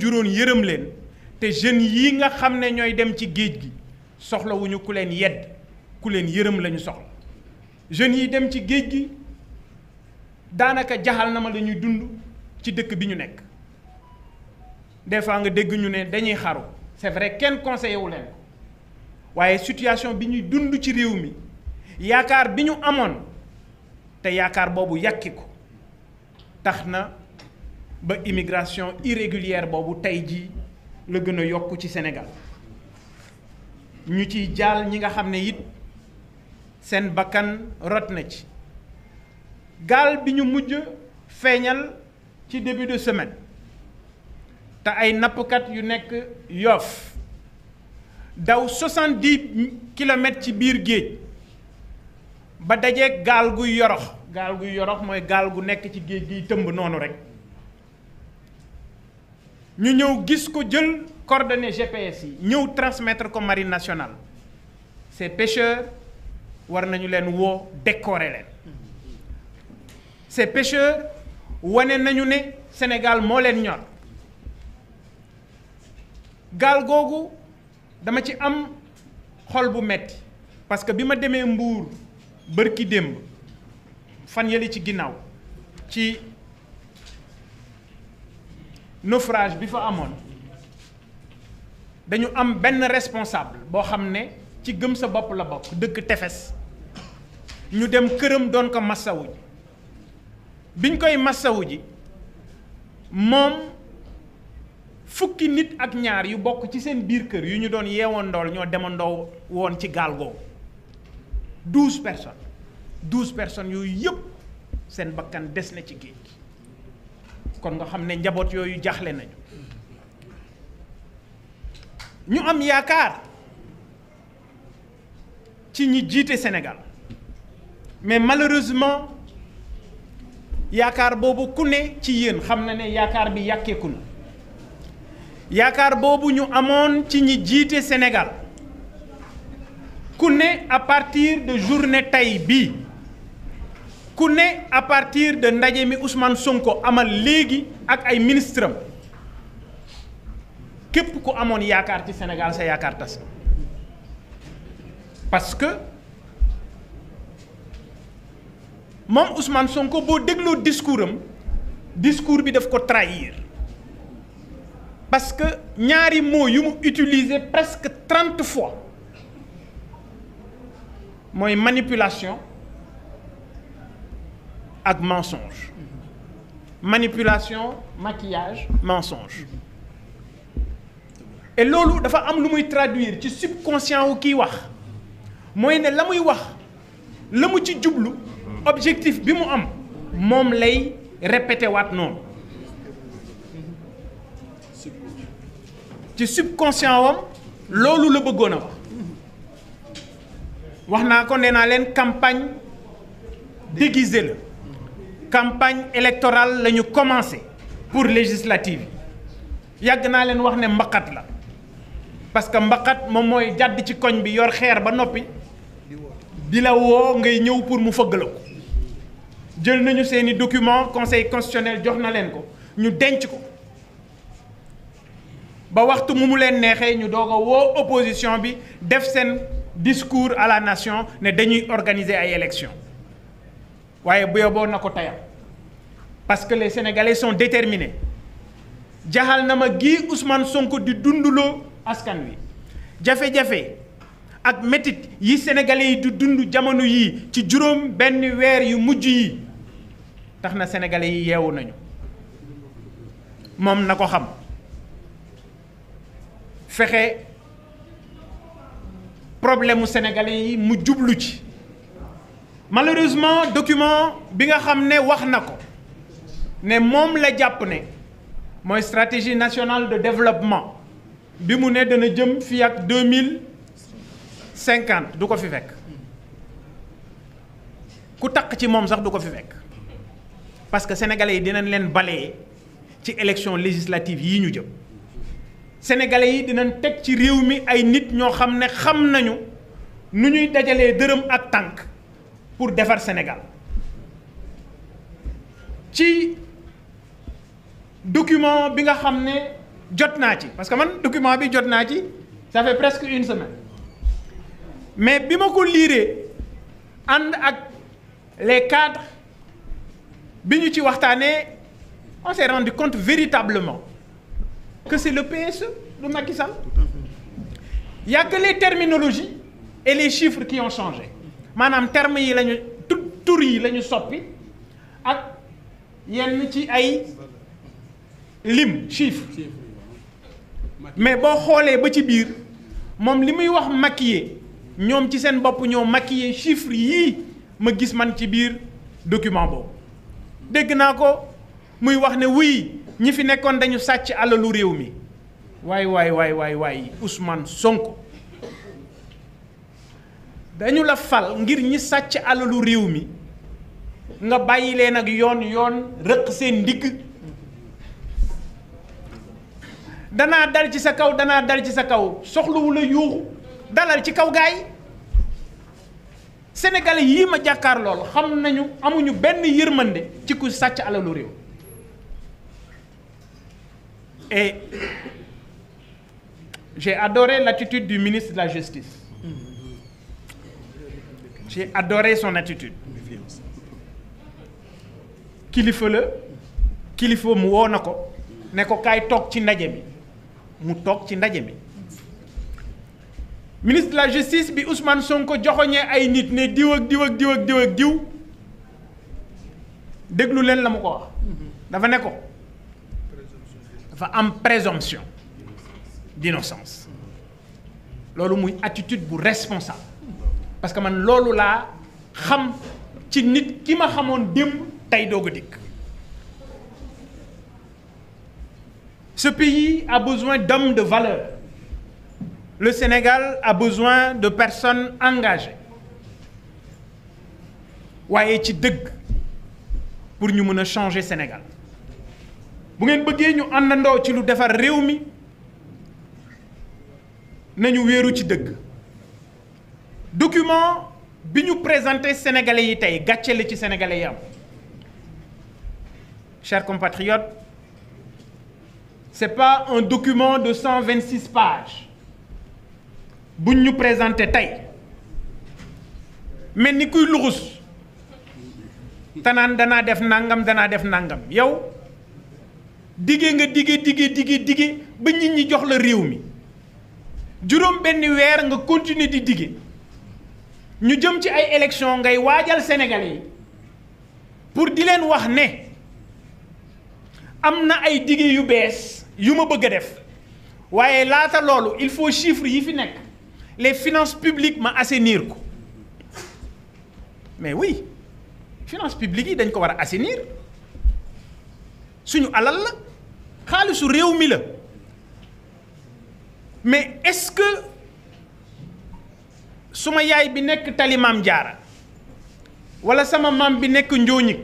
juróon yërëm leen te jeunes yii nga xam ne ñooy dem ci géej gi soxlawuñu ku leen yedd ku leen yërëm lañu soxla jeunes yi dem ci géej gi daanaka jaxal na ma la dund ci dëkk bi ñu nekk des fois nga dégg ñu ne dañuy xaru c'est vrai kenn conseillé wu leen ko waaye situation bi ñuy dund ci réew mi yaakaar bi ñu amoon te yaakaar boobu yàkki ko tax na ba immigration irrégulière boobu tey jii la gën a yokk ci Sénégal ñu ciy jaal ñi nga xam ne it seen bakkan rot na ci gaal bi ñu mujj feeñal ci début de semaine te ay nappkat yu nekk Yoff daw 70 kilomètres ci biir géej ba dajeeg gaal guy yorox gaal guy yorox mooy gaal gu nekk ci géej giy tëmb noonu rek ñu ñëw gis ko jël coordonnées GPS yi ñëw transmettre ko marine nationale ces pêcheurs war nañu leen woo décorer leen ces pêcheurs wane nañu ne Sénégal moo leen ñor gaal googu dama ci am xol bu metti parce que bi ma demee Mbour bërki démb fan yële ci ginnaaw ci naufrage bi fa amoon dañu am benn responsable boo xam ne ci gëm sa bopp la bokk dëkk tefes ñu dem këram doon ko massawu ji biñ koy massawu ji moom fukki nit ak ñaar yu bokk ci seen biir kër yu ñu doon yeewandool ñoo demandoo woon ci gaal googu douze personnes douze personnes yooyu yëpp seen bakkan des na ci géej gi kon nga xam ne njaboot yooyu jaaxle nañu ñu am yaakaar ci ñi jiite Sénégal mais malheureusement yaakaar boobu ku ne ci yéen xam na ne yaakaar bi yàkkeeku na yaakaar boobu ñu amoon ci ñi jiite Sénégal ku ne à partir de journée tey bii ku ne à partir de ndaje mi Ousmane Sonko amal léegi ak ay ministre am képp ku amoon yaakaar ci Sénégal sa yaakaar tas parce que moom Ousmane Sonko boo dégloo discours am bi daf ko trahir parce que ñaari moo yu mu utiliser presque trente fois mooy manipulation. ak mensonge manipulation maquillage mensonge et loolu dafa am lu muy traduire ci subconscient wu kiy wax mooy ne la muy wax la mu ci jublu objectif bi mu am moom lay répété waat noonu ci subconscient wam loolu la bëggoon a wax wax naa ko nee naa leen campagne déguisée la campagne électorale la ñu commencé pour législative yi yàgg naa leen wax ne mbaqat la parce que mbaqat moom mooy jàdd ci koñ bi yor xeer ba noppi di woo ngay ñëw pour mu fëgg la ko jël nañu seeni document conseil constitutionnel jox na leen ko ñu denc ko ba waxtu mu mu leen neexee ñu doog a woo opposition bi def seen discours à la nation ne dañuy organiser ay élections waaye bu na ko tayal parce que les sénégalais sont déterminés jaxal na ma gii Ousmane Sonko di dunduloo askan wi jafe-jafe ak metit yi sénégalais yi di dundu jamono yii ci juróom benn weer yu mujj yi tax na sénégalais yi yeewu nañu moom na ko xam fexe problème mu sénégalais yi mu jublu ci. malheureusement document bi nga xam ne wax na ko ne moom la jàpp ne mooy stratégie nationale de développement bi mu ne dina jëm fii ak deux mille cinquante du ko fi fekk ku takk ci moom sax du ko fi fekk parce que sénégalais yi dinañ leen bale ci élection législative yi ñu jëm sénégalais yi dinañ teg ci réew mi ay nit ñoo xam ne xam nañu nu ñuy dajalee dërëm ak tànk pour defar Sénégal ci document bi nga xam ne jot naa ci parce que man document bi jot naa ci ça presque une semaine mais bi ma ko liiree ànd ak les cadres bi ñu ci waxtaanee on s'est rendu compte véritablement que c'est le PSE du Macky Sall il y a les terminologies et les chiffres qui ont changé maanaam terme yi lañu tu tur yi lañu soppi ak yenn ci ay lim chiffre mais boo xoolee ba ci biir moom li muy wax maquillé ñoom ci seen boppu ñoo maquillé chiffre yii ma gis man ci biir dokument boobu dégg naa ko muy wax ne wuy ñi fi nekkoon dañu sàcc alalu réew mi waay waay waay waay waay Ousmane Sonko dañu la fal ngir ñi sàcc alalu réew mi nga bàyyi leen ak yoon yoon rëq seen ndigg danaa dal ci sa kaw danaa dal ci sa kaw soxluwu la yuuxu dalal ci kaw gaay yi yii ma jàkkaar lool xam nañu amuñu benn yërmande ci ku sàcc alalu réew et j'ai adoré l'attitude du ministre la justice j'ai adoré son attitude kilifa la kilifa mu woo na ko ne ko kaay toog ci ndaje mi mu toog ci ndaje mi ministre de la justice bi Ousmane Sonko joxoñee ay nit ne diw ak diw ak diw ak diw ak diw déglu leen la mu ko wax dafa ne ko dafa am présomption d'innocence loolu muy attitude bu responsable parce que man loolu laa xam ci nit ki ma xamoon démb tey doog dikk ce pays a besoin d'hommes de valeur le Sénégal a besoin de personnes engagées waaye ci dëgg pour ñu mën a changer Sénégal bu ngeen bëggee ñu àndandoo ci lu defar réew mi nañu wéeru ci dëgg document bi ñu présenté sénégalais yi tey gàcce la ci sénégalais yi am chers compatriotes c'est pas un document de 126 pages buñ ñu présenté tey mel ni kuy luxus tanaan danaa def nangam danaa def nangam yow diggee nga diggee diggee diggee diggee ba nit ñi jox la réew mi juróom benn weer nga continuer di diggee ñu jëm ci ay élection ngay waajal sénégal yi pour di leen wax ne am na ay dige yu bees yu ma bëgg a def waaye laata loolu il faut chiffres yi fi nekk les finances publiques ma assainir ko mais oui finances publiques yi dañ ko war a assainir suñu alal la xaalisu réew mi la mais est que suma yaay bi nekk tali maam jaara wala sama maam bi nekk njooñig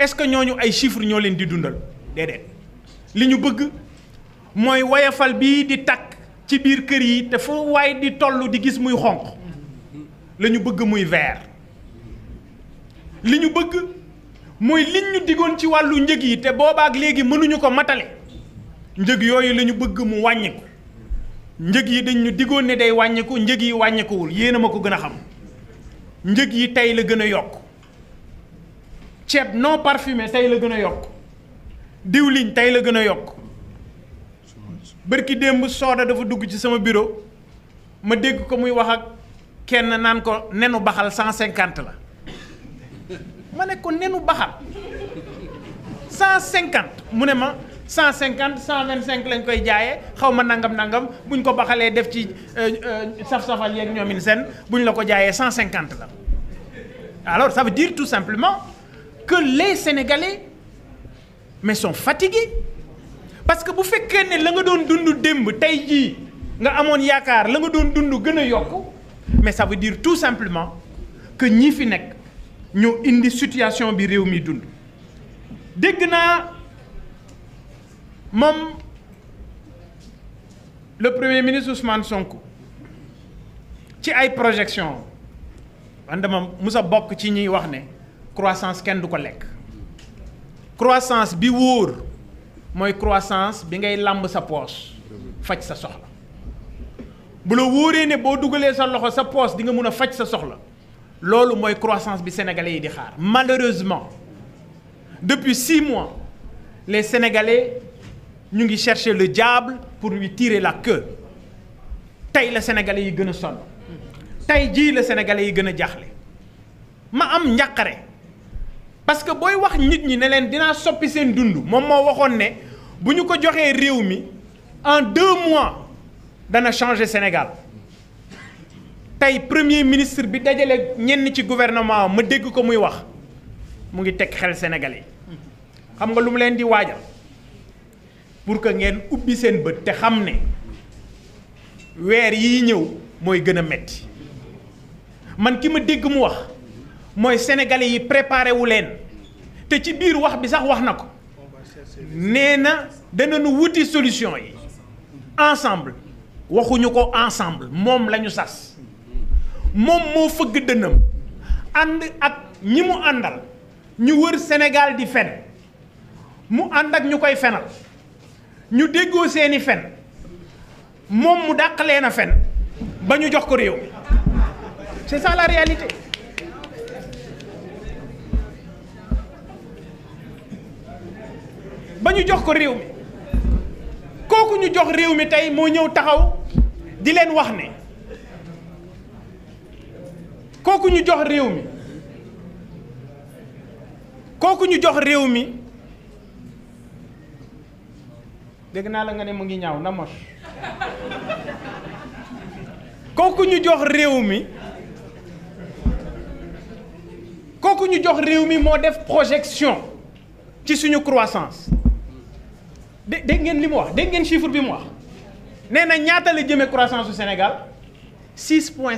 est-ce que ñooñu ay chiffres ñoo leen di dundal déedéet li ñu bëgg mooy woyafal bii di takk ci biir kër yi te fu waay di toll di gis muy xonq lañu bëgg muy vert li ñu bëgg mooy liñ ñu diggoon ci wàllu njëg yi te boobaak léegi mënuñu ko matale njëg yooyu lañu bëgg mu wàññiku njëg yi dañ diggoon ne day wàññiku njëg yi wàññikuwul yéen a ma ko gën a xam njëg yi tey la gën a yokk ceeb non parfumé tey la gën a yokk diwliñ tey la gën a yokk bërki démb sooda dafa dugg ci sama biro ma dégg ko muy wax ak kenn naan ko nenu baxal cent cinquante la ma ne ko nenu baxal cent cinquante mu ne ma cent cinquante cent vingt cinq lañ koy jaaye xawma ma nangam nangam buñ ko baxalee def ci euh, euh, saf-safal yeeg ñoomin seen bu ñu la ko jaayee cent cinquante la alors ça veut dire tout simplement que les Sénégalais mais sont fatigués parce que bu fekkee ne la nga doon dund démb tey jii nga amoon yaakaar la nga doon dund gën a yokk mais ça veut dire tout simplement que ñi fi nekk ñoo indi situation bi réew mi dund dégg naa moom le premier ministre Ousmane sonk ci ay projection man dama mus bokk ci ñuy wax ne croissance kenn du ko lekk croissance bi wóor mooy croissance bi ngay làmb sa poos faj sa soxla bu la wóoree ne boo dugalee sa loxo sa poos di nga mun a faj sa soxla loolu mooy croissance bi sénégalais yi di xaar malheureusement depuis six mois les sénégalais ñu ngi chercher le diable pour lui tiire la queue tey la sénégalais yi gën a sonn tey jii la sénégalais yi gën a jaaxle ma am njàqare parce que booy wax nit ñi ne leen dinaa soppi seen dund moom moo waxoon ne bu ñu ko joxee réew mi en deux mois dana changer Sénégal tey premier ministre bi dajale ñenn ci gouvernement ma dégg ko muy wax mu ngi teg xel sénégalais xam nga lu mu leen di waajal. pour que ngeen ubbi seen bët te xam ne weer yii ñëw mooy gën a metti man ki ma dégg mu wax mooy sénégalais yi préparé wu leen te ci biir wax bi sax wax na ko nee na danañu wuti solution yi ensemble waxuñu ko ensemble moom la ñu sas moom moo fëgg dënnam ànd ak ñi mu àndal ñu wër Sénégal di fen mu ànd ak ñu koy fenal ñu déggoo seeni fen moom mu dàq leen a fen ba ñu jox ko réew mi c'est ça ba ñu jox ko réew mi kooku ñu jox réew mi tey moo ñëw taxaw di leen wax ne kooku ñu jox réew mi kooku ñu jox réew mi dégg naa la nga ne mu ngi ñaaw na mos kooku ñu jox réew mi kooku ñu jox réew mi moo def projection ci suñu croissance dé dégg ngeen li mu wax dégg ngeen chiffre bi mu wax nee na ñaata la jëmee croissance su Sénégal 6 point